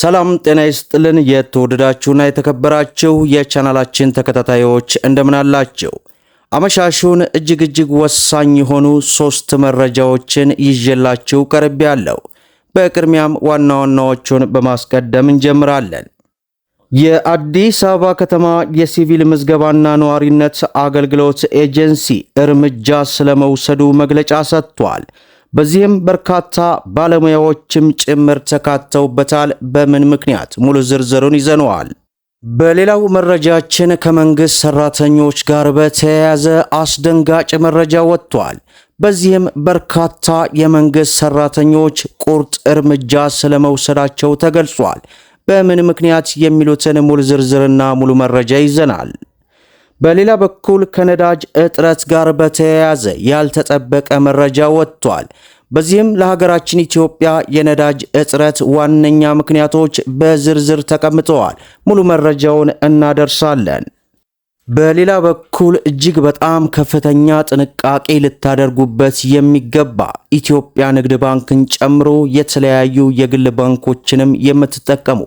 ሰላም ጤና ይስጥልን። የተወደዳችሁና የተከበራችሁ የቻናላችን ተከታታዮች እንደምን አላችሁ? አመሻሹን እጅግ እጅግ ወሳኝ የሆኑ ሶስት መረጃዎችን ይዤላችሁ ቀርቤያለሁ። በቅድሚያም ዋና ዋናዎቹን በማስቀደም እንጀምራለን። የአዲስ አበባ ከተማ የሲቪል ምዝገባና ነዋሪነት አገልግሎት ኤጀንሲ እርምጃ ስለመውሰዱ መግለጫ ሰጥቷል። በዚህም በርካታ ባለሙያዎችም ጭምር ተካተውበታል። በምን ምክንያት ሙሉ ዝርዝሩን ይዘነዋል። በሌላው መረጃችን ከመንግስት ሰራተኞች ጋር በተያያዘ አስደንጋጭ መረጃ ወጥቷል። በዚህም በርካታ የመንግስት ሰራተኞች ቁርጥ እርምጃ ስለመውሰዳቸው ተገልጿል። በምን ምክንያት የሚሉትን ሙሉ ዝርዝርና ሙሉ መረጃ ይዘናል። በሌላ በኩል ከነዳጅ እጥረት ጋር በተያያዘ ያልተጠበቀ መረጃ ወጥቷል። በዚህም ለሀገራችን ኢትዮጵያ የነዳጅ እጥረት ዋነኛ ምክንያቶች በዝርዝር ተቀምጠዋል። ሙሉ መረጃውን እናደርሳለን። በሌላ በኩል እጅግ በጣም ከፍተኛ ጥንቃቄ ልታደርጉበት የሚገባ ኢትዮጵያ ንግድ ባንክን ጨምሮ የተለያዩ የግል ባንኮችንም የምትጠቀሙ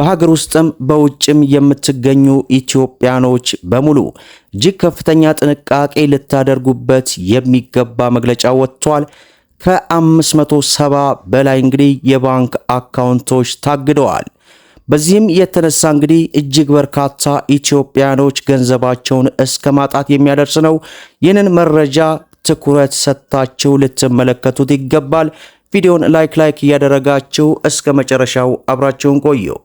በሀገር ውስጥም በውጭም የምትገኙ ኢትዮጵያኖች በሙሉ እጅግ ከፍተኛ ጥንቃቄ ልታደርጉበት የሚገባ መግለጫ ወጥቷል። ከ570 በላይ እንግዲህ የባንክ አካውንቶች ታግደዋል። በዚህም የተነሳ እንግዲህ እጅግ በርካታ ኢትዮጵያኖች ገንዘባቸውን እስከ ማጣት የሚያደርስ ነው። ይህንን መረጃ ትኩረት ሰጥታችሁ ልትመለከቱት ይገባል። ቪዲዮን ላይክ ላይክ እያደረጋችሁ እስከ መጨረሻው አብራችሁን ቆየው።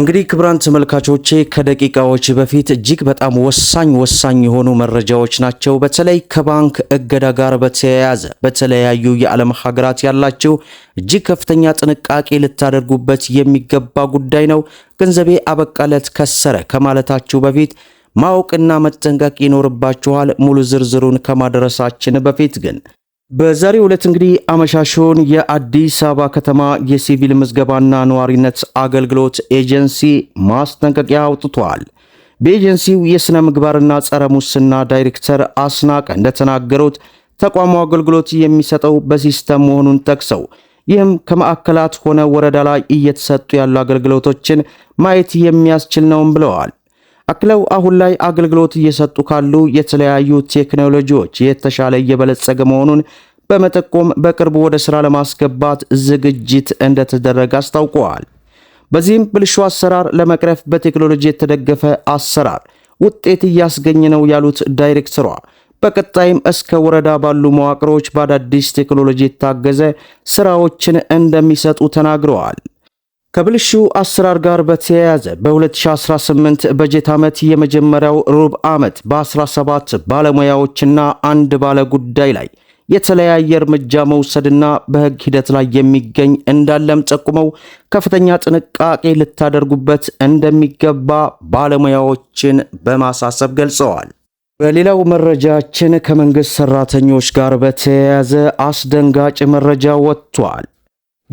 እንግዲህ ክብራን ተመልካቾቼ ከደቂቃዎች በፊት እጅግ በጣም ወሳኝ ወሳኝ የሆኑ መረጃዎች ናቸው። በተለይ ከባንክ እገዳ ጋር በተያያዘ በተለያዩ የዓለም ሀገራት ያላችሁ እጅግ ከፍተኛ ጥንቃቄ ልታደርጉበት የሚገባ ጉዳይ ነው። ገንዘቤ አበቃለት ከሰረ ከማለታችሁ በፊት ማወቅና መጠንቀቅ ይኖርባችኋል። ሙሉ ዝርዝሩን ከማድረሳችን በፊት ግን በዛሬው ዕለት እንግዲህ አመሻሹን የአዲስ አበባ ከተማ የሲቪል ምዝገባና ነዋሪነት አገልግሎት ኤጀንሲ ማስጠንቀቂያ አውጥቷል። በኤጀንሲው የሥነ ምግባርና ጸረ ሙስና ዳይሬክተር አስናቀ እንደተናገሩት ተቋሙ አገልግሎት የሚሰጠው በሲስተም መሆኑን ጠቅሰው ይህም ከማዕከላት ሆነ ወረዳ ላይ እየተሰጡ ያሉ አገልግሎቶችን ማየት የሚያስችል ነውም ብለዋል። አክለው አሁን ላይ አገልግሎት እየሰጡ ካሉ የተለያዩ ቴክኖሎጂዎች የተሻለ እየበለጸገ መሆኑን በመጠቆም በቅርቡ ወደ ሥራ ለማስገባት ዝግጅት እንደተደረገ አስታውቀዋል። በዚህም ብልሹ አሰራር ለመቅረፍ በቴክኖሎጂ የተደገፈ አሰራር ውጤት እያስገኘ ነው ያሉት ዳይሬክተሯ በቀጣይም እስከ ወረዳ ባሉ መዋቅሮች በአዳዲስ ቴክኖሎጂ የታገዘ ስራዎችን እንደሚሰጡ ተናግረዋል። ከብልሹ አሰራር ጋር በተያያዘ በ2018 በጀት ዓመት የመጀመሪያው ሩብ ዓመት በ17 ባለሙያዎችና አንድ ባለ ጉዳይ ላይ የተለያየ እርምጃ መውሰድና በሕግ ሂደት ላይ የሚገኝ እንዳለም ጠቁመው ከፍተኛ ጥንቃቄ ልታደርጉበት እንደሚገባ ባለሙያዎችን በማሳሰብ ገልጸዋል። በሌላው መረጃችን ከመንግሥት ሠራተኞች ጋር በተያያዘ አስደንጋጭ መረጃ ወጥቷል።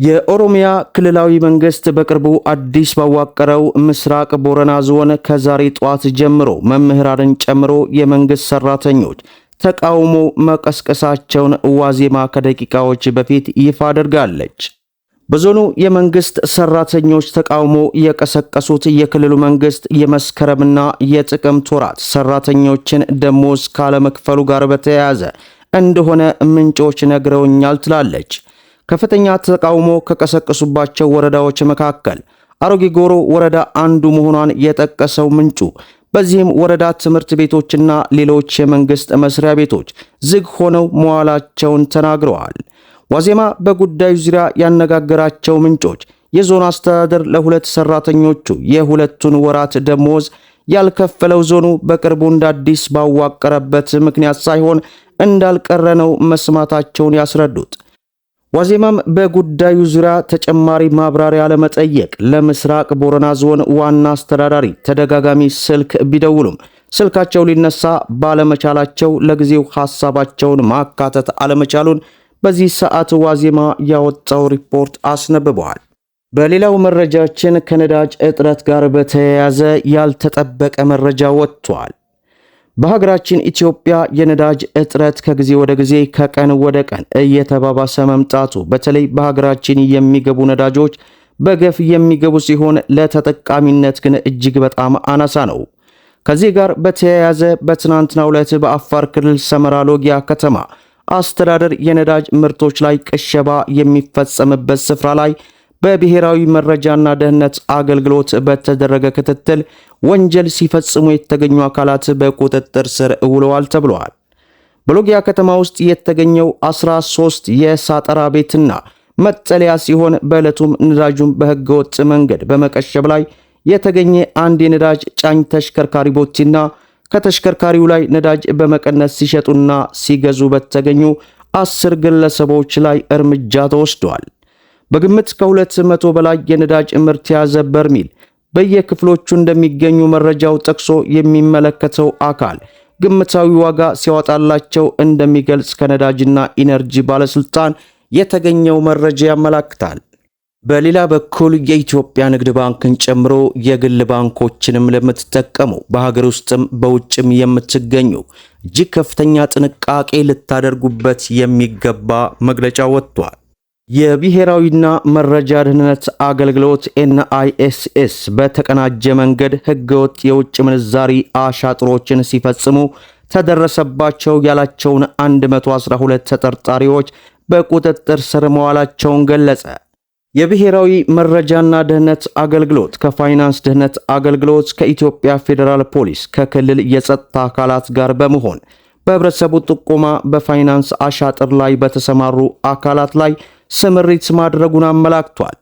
የኦሮሚያ ክልላዊ መንግስት በቅርቡ አዲስ ባዋቀረው ምስራቅ ቦረና ዞን ከዛሬ ጠዋት ጀምሮ መምህራንን ጨምሮ የመንግስት ሰራተኞች ተቃውሞ መቀስቀሳቸውን ዋዜማ ከደቂቃዎች በፊት ይፋ አድርጋለች። በዞኑ የመንግስት ሰራተኞች ተቃውሞ የቀሰቀሱት የክልሉ መንግስት የመስከረምና የጥቅምት ወራት ሰራተኞችን ደሞዝ ካለመክፈሉ ጋር በተያያዘ እንደሆነ ምንጮች ነግረውኛል ትላለች። ከፍተኛ ተቃውሞ ከቀሰቀሱባቸው ወረዳዎች መካከል አሮጌ ጎሮ ወረዳ አንዱ መሆኗን የጠቀሰው ምንጩ በዚህም ወረዳ ትምህርት ቤቶችና ሌሎች የመንግስት መስሪያ ቤቶች ዝግ ሆነው መዋላቸውን ተናግረዋል። ዋዜማ በጉዳዩ ዙሪያ ያነጋገራቸው ምንጮች የዞን አስተዳደር ለሁለት ሰራተኞቹ የሁለቱን ወራት ደሞዝ ያልከፈለው ዞኑ በቅርቡ እንደ አዲስ ባዋቀረበት ምክንያት ሳይሆን እንዳልቀረ ነው መስማታቸውን ያስረዱት። ዋዜማም በጉዳዩ ዙሪያ ተጨማሪ ማብራሪያ ለመጠየቅ ለምስራቅ ቦረና ዞን ዋና አስተዳዳሪ ተደጋጋሚ ስልክ ቢደውሉም ስልካቸው ሊነሳ ባለመቻላቸው ለጊዜው ሐሳባቸውን ማካተት አለመቻሉን በዚህ ሰዓት ዋዜማ ያወጣው ሪፖርት አስነብበዋል። በሌላው መረጃችን ከነዳጅ እጥረት ጋር በተያያዘ ያልተጠበቀ መረጃ ወጥቷል። በሀገራችን ኢትዮጵያ የነዳጅ እጥረት ከጊዜ ወደ ጊዜ ከቀን ወደ ቀን እየተባባሰ መምጣቱ በተለይ በሀገራችን የሚገቡ ነዳጆች በገፍ የሚገቡ ሲሆን ለተጠቃሚነት ግን እጅግ በጣም አናሳ ነው። ከዚህ ጋር በተያያዘ በትናንትናው ዕለት በአፋር ክልል ሰመራ ሎጊያ ከተማ አስተዳደር የነዳጅ ምርቶች ላይ ቅሸባ የሚፈጸምበት ስፍራ ላይ በብሔራዊ መረጃና ደህንነት አገልግሎት በተደረገ ክትትል ወንጀል ሲፈጽሙ የተገኙ አካላት በቁጥጥር ስር ውለዋል ተብለዋል። በሎጊያ ከተማ ውስጥ የተገኘው 13 የሳጠራ ቤትና መጠለያ ሲሆን በዕለቱም ነዳጁን በህገወጥ መንገድ በመቀሸብ ላይ የተገኘ አንድ የነዳጅ ጫኝ ተሽከርካሪ ቦቲና ከተሽከርካሪው ላይ ነዳጅ በመቀነስ ሲሸጡና ሲገዙ በተገኙ አስር ግለሰቦች ላይ እርምጃ ተወስደዋል። በግምት ከ200 በላይ የነዳጅ ምርት የያዘ በርሚል በየክፍሎቹ እንደሚገኙ መረጃው ጠቅሶ የሚመለከተው አካል ግምታዊ ዋጋ ሲያወጣላቸው እንደሚገልጽ ከነዳጅና ኢነርጂ ባለስልጣን የተገኘው መረጃ ያመላክታል። በሌላ በኩል የኢትዮጵያ ንግድ ባንክን ጨምሮ የግል ባንኮችንም ለምትጠቀሙ በሀገር ውስጥም በውጭም የምትገኙ እጅግ ከፍተኛ ጥንቃቄ ልታደርጉበት የሚገባ መግለጫ ወጥቷል። የብሔራዊና መረጃ ደህንነት አገልግሎት ኤንአይኤስኤስ በተቀናጀ መንገድ ህገወጥ የውጭ ምንዛሪ አሻጥሮችን ሲፈጽሙ ተደረሰባቸው ያላቸውን 112 ተጠርጣሪዎች በቁጥጥር ስር መዋላቸውን ገለጸ። የብሔራዊ መረጃና ደህንነት አገልግሎት ከፋይናንስ ደህንነት አገልግሎት፣ ከኢትዮጵያ ፌዴራል ፖሊስ፣ ከክልል የጸጥታ አካላት ጋር በመሆን በህብረተሰቡ ጥቆማ በፋይናንስ አሻጥር ላይ በተሰማሩ አካላት ላይ ስምሪት ማድረጉን አመላክቷል።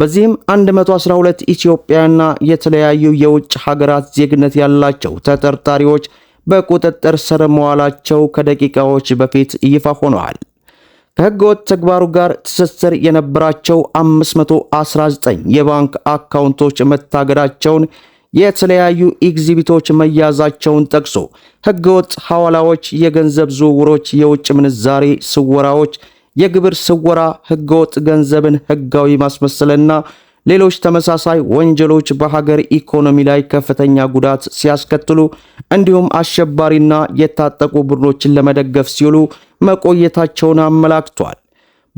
በዚህም 112 ኢትዮጵያና የተለያዩ የውጭ ሀገራት ዜግነት ያላቸው ተጠርጣሪዎች በቁጥጥር ስር መዋላቸው ከደቂቃዎች በፊት ይፋ ሆነዋል። ከህገወጥ ተግባሩ ጋር ትስስር የነበራቸው 519 የባንክ አካውንቶች መታገዳቸውን፣ የተለያዩ ኤግዚቢቶች መያዛቸውን ጠቅሶ ህገወጥ ሐዋላዎች፣ የገንዘብ ዝውውሮች፣ የውጭ ምንዛሬ ስወራዎች የግብር ስወራ፣ ህገወጥ ገንዘብን ህጋዊ ማስመሰልና ሌሎች ተመሳሳይ ወንጀሎች በሀገር ኢኮኖሚ ላይ ከፍተኛ ጉዳት ሲያስከትሉ እንዲሁም አሸባሪና የታጠቁ ቡድኖችን ለመደገፍ ሲውሉ መቆየታቸውን አመላክቷል።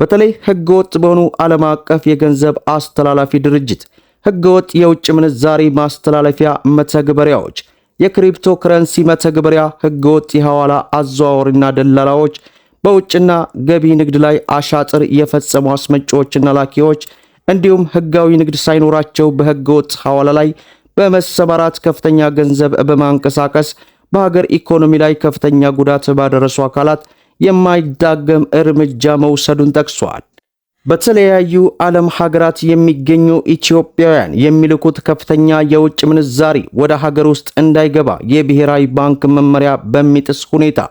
በተለይ ህገወጥ በሆኑ ዓለም አቀፍ የገንዘብ አስተላላፊ ድርጅት፣ ህገወጥ የውጭ ምንዛሪ ማስተላለፊያ መተግበሪያዎች፣ የክሪፕቶ ከረንሲ መተግበሪያ፣ ህገወጥ የሐዋላ አዘዋወሪና ደላላዎች በውጭና ገቢ ንግድ ላይ አሻጥር የፈጸሙ አስመጪዎችና ላኪዎች እንዲሁም ህጋዊ ንግድ ሳይኖራቸው በህገወጥ ሐዋላ ላይ በመሰማራት ከፍተኛ ገንዘብ በማንቀሳቀስ በሀገር ኢኮኖሚ ላይ ከፍተኛ ጉዳት ባደረሱ አካላት የማይዳገም እርምጃ መውሰዱን ጠቅሷል። በተለያዩ ዓለም ሀገራት የሚገኙ ኢትዮጵያውያን የሚልኩት ከፍተኛ የውጭ ምንዛሪ ወደ ሀገር ውስጥ እንዳይገባ የብሔራዊ ባንክ መመሪያ በሚጥስ ሁኔታ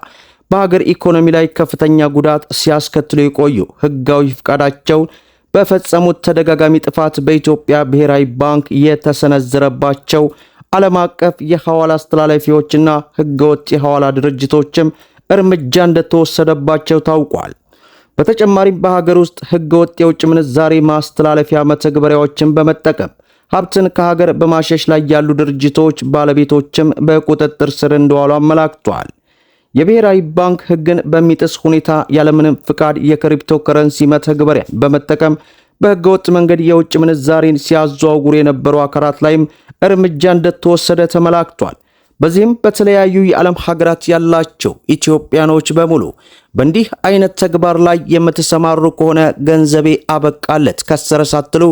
በሀገር ኢኮኖሚ ላይ ከፍተኛ ጉዳት ሲያስከትሉ የቆዩ ህጋዊ ፍቃዳቸውን በፈጸሙት ተደጋጋሚ ጥፋት በኢትዮጵያ ብሔራዊ ባንክ የተሰነዘረባቸው ዓለም አቀፍ የሐዋላ አስተላላፊዎችና ህገወጥ የሐዋላ ድርጅቶችም እርምጃ እንደተወሰደባቸው ታውቋል። በተጨማሪም በሀገር ውስጥ ህገወጥ የውጭ ምንዛሬ ማስተላለፊያ መተግበሪያዎችን በመጠቀም ሀብትን ከሀገር በማሸሽ ላይ ያሉ ድርጅቶች ባለቤቶችም በቁጥጥር ስር እንደዋሉ አመላክቷል። የብሔራዊ ባንክ ህግን በሚጥስ ሁኔታ ያለምንም ፍቃድ የክሪፕቶ ከረንሲ መተግበሪያ በመጠቀም በህገወጥ መንገድ የውጭ ምንዛሬን ሲያዘዋውሩ የነበሩ አካላት ላይም እርምጃ እንደተወሰደ ተመላክቷል። በዚህም በተለያዩ የዓለም ሀገራት ያላቸው ኢትዮጵያኖች በሙሉ በእንዲህ አይነት ተግባር ላይ የምትሰማሩ ከሆነ ገንዘቤ አበቃለት ከሰረ ሳትሉ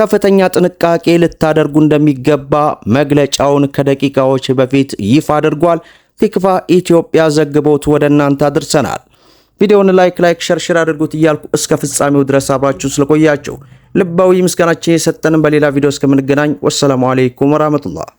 ከፍተኛ ጥንቃቄ ልታደርጉ እንደሚገባ መግለጫውን ከደቂቃዎች በፊት ይፋ አድርጓል። ቲክቫ ኢትዮጵያ ዘግቦት ወደ እናንተ አድርሰናል። ቪዲዮውን ላይክ ላይክ ሸርሸር አድርጉት እያልኩ እስከ ፍጻሜው ድረስ አብራችሁ ስለቆያችሁ ልባዊ ምስጋናችን የሰጠንም። በሌላ ቪዲዮ እስከምንገናኝ ወሰላሙ አሌይኩም ወራህመቱላህ